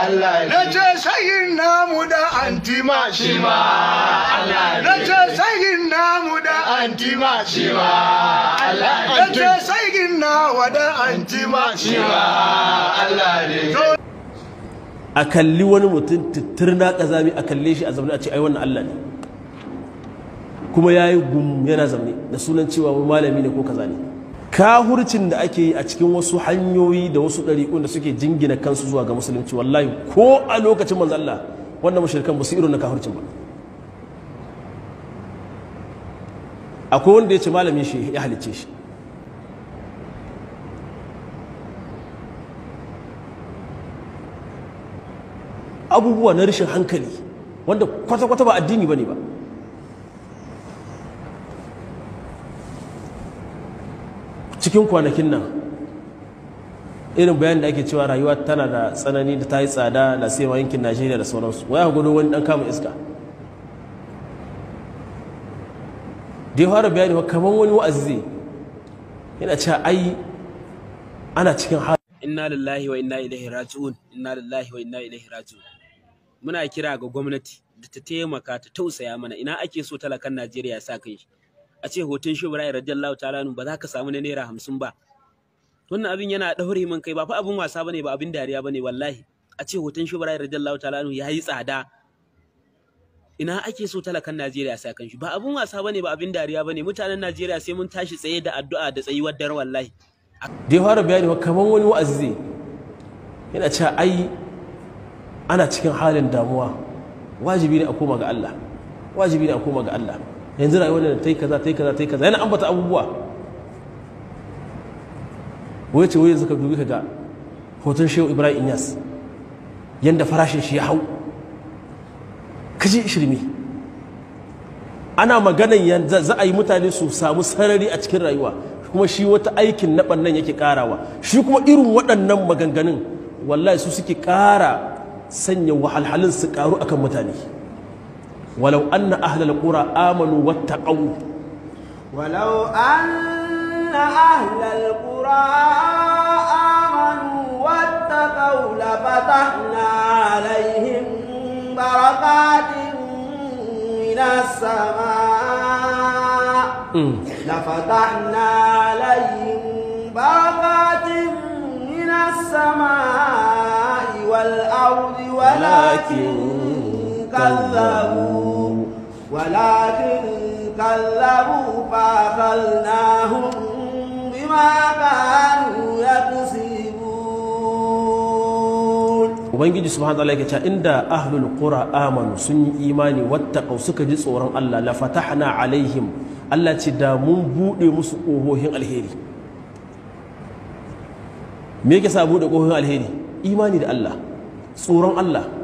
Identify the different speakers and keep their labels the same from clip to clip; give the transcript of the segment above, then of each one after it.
Speaker 1: Allah ne nace sayin namu da antima shi ma Allah ne nace sayin namu da antima shi ma Allah ne nace sayin nawa da antima shi ma Allah ne a kalli wani mutum tutturna kazami a kalle shi a zaune a ce ai wannan Allah ne kuma yayi gum yana zaune da sunan cewa malami ne ko kaza ne kahurcin da ake yi a cikin wasu hanyoyi da wasu ɗari'un da suke jingina kansu zuwa ga musulunci wallahi ko a lokacin manzo Allah wannan mushrikan ba su irin na kahurcin ba akwai wanda ya ce malamin shi ya halice shi abubuwa na rashin hankali wanda kwata-kwata ba addini ba ne ba cikin kwanakin nan irin bayan da ake cewa rayuwa tana da tsanani da ta yi tsada na sai yankin najeriya da sauransu waya gudu wani dan kama iska da ya fara bayani kamar wani wa'azi yana cewa ai ana cikin hali inna lillahi wa inna ilaihi raji'un inna lillahi wa inna ilaihi raji'un muna kira ga gwamnati da ta taimaka ta tausaya mana ina ake so talakan najeriya ya sa kai a ce hoton shi Ibrahim radiyallahu ta'ala ba za ka samu na naira hamsin ba wannan abin yana ɗaure min kai ba fa abin wasa bane ba abin dariya bane wallahi a ce hoton shi Ibrahim radiyallahu ta'ala ya yi tsada ina ake so talakan Najeriya sai kan shi ba abin wasa bane ba abin dariya bane mutanen Najeriya sai mun tashi tsaye da addu'a da tsayuwar dare wallahi da ya fara bayani kamar wani wa'azi yana cewa ai ana cikin halin damuwa wajibi ne a koma ga Allah wajibi ne a koma ga Allah yanzu rayuwar da ta yi kaza ta yi kaza ta yi kaza yana ambata abubuwa wai ce wai suka dubi kaga hoton shehu ibrahim inyas yanda farashin shi ya hau kaji shirme ana maganan yanzu za a yi mutane su samu sarari a cikin rayuwa kuma shi wata aikin na ɓannan yake karawa shi kuma irin waɗannan maganganun wallahi su suke kara sanya wahalhalun su karu akan mutane ولو أن أهل القرى آمنوا واتقوا ولو أن أهل القرى آمنوا واتقوا لفتحنا عليهم بركات من السماء لفتحنا عليهم بركات من السماء والأرض ولكن كذبوا ولكن كذبوا فأخذناهم بما كانوا يكسبون وبنجي سبحانه وتعالى كتا عند أهل القرى آمنوا سن إيماني واتقوا سكجي صورا الله لفتحنا عليهم الله تدا بودي مسؤوهين الهيري me yake sa bude kofin alheri imani da الله tsoron Allah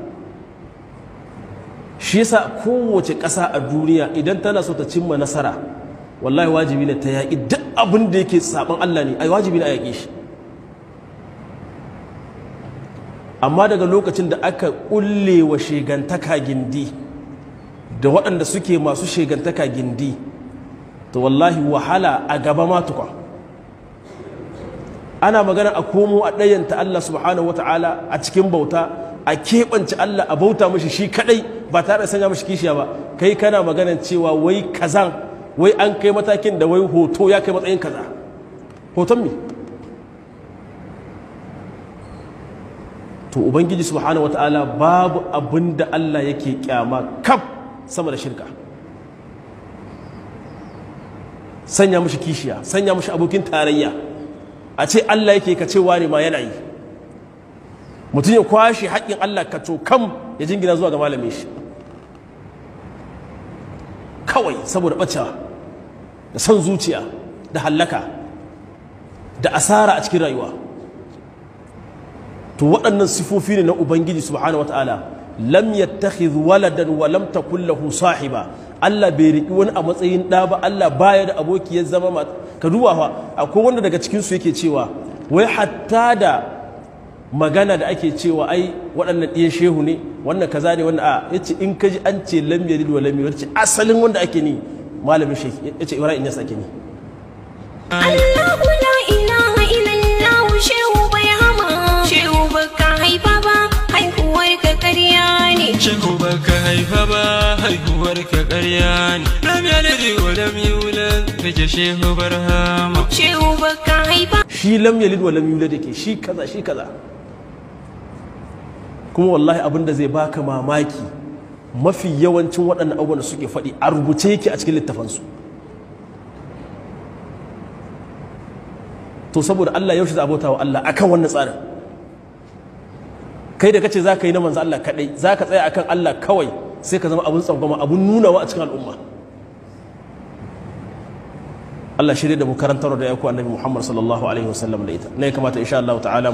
Speaker 1: shi yasa kowace ƙasa a duniya idan tana so ta cimma nasara wallahi wajibi ne ta yaƙi duk abin da yake saɓan Allah ne ai wajibi ne a shi amma daga lokacin da aka ƙulle wa shegantaka gindi da waɗanda suke masu shegantaka gindi to wallahi wahala a gaba ma ana magana a komo a ɗayanta Allah subhanahu ta'ala a cikin bauta a keɓance Allah a bauta mashi shi kaɗai ba tare da sanya mashi kishiya ba kai kana maganan cewa wai kazan wai an kai matakin da wai hoto ya kai matsayin kaza hoton me to ubangiji subhanahu wataala babu abin da Allah yake kyama kaf sama da shirka sanya mashi kishiya sanya mashi abokin tarayya a ce Allah yake ka cewa ne ma yana yi mutum ya kwashe haƙƙin Allah ka kam ya jingina zuwa ga malamin shi kawai saboda ɓacewa da san zuciya da hallaka da asara a cikin rayuwa to waɗannan sifofi ne na ubangiji subhanahu wataala lam yattakhidh waladan wa lam takul lahu sahiba Allah bai riki wani a matsayin ɗa ba Allah baya da aboki ya zama ka duba akwai wanda daga cikin su yake cewa wai hatta da magana da ake cewa ai waɗannan ɗiyan shehu ne wannan kaza ne wannan a ya ce in ka ji an ce lam yalid wa lam ce asalin wanda ake ni malamin shehu ya ce ibrahim yas ake ni Allahu la ilaha illallah shehu bai hama shehu baka haifa ba haihuwar ka ƙarya ne shehu baka haifa ba haihuwar ka ƙarya ne lam wa lam yulad kaje shehu barhama shehu baka haifa shi lam wa lam da ke shi kaza shi kaza kuma wallahi abin da zai baka mamaki mafi yawancin waɗannan abubuwan suke faɗi a rubuce yake a cikin littafansu to saboda Allah yaushe za a bauta wa Allah akan wannan tsarin kai da kace za ka yi na manzo Allah kaɗai, za ka tsaya akan Allah kawai sai ka zama abun tsangwama abun nunawa a cikin al'umma Allah shirya da mu karantar da ya ku annabi Muhammad sallallahu alaihi wasallam da ita ne kamata insha Allah ta'ala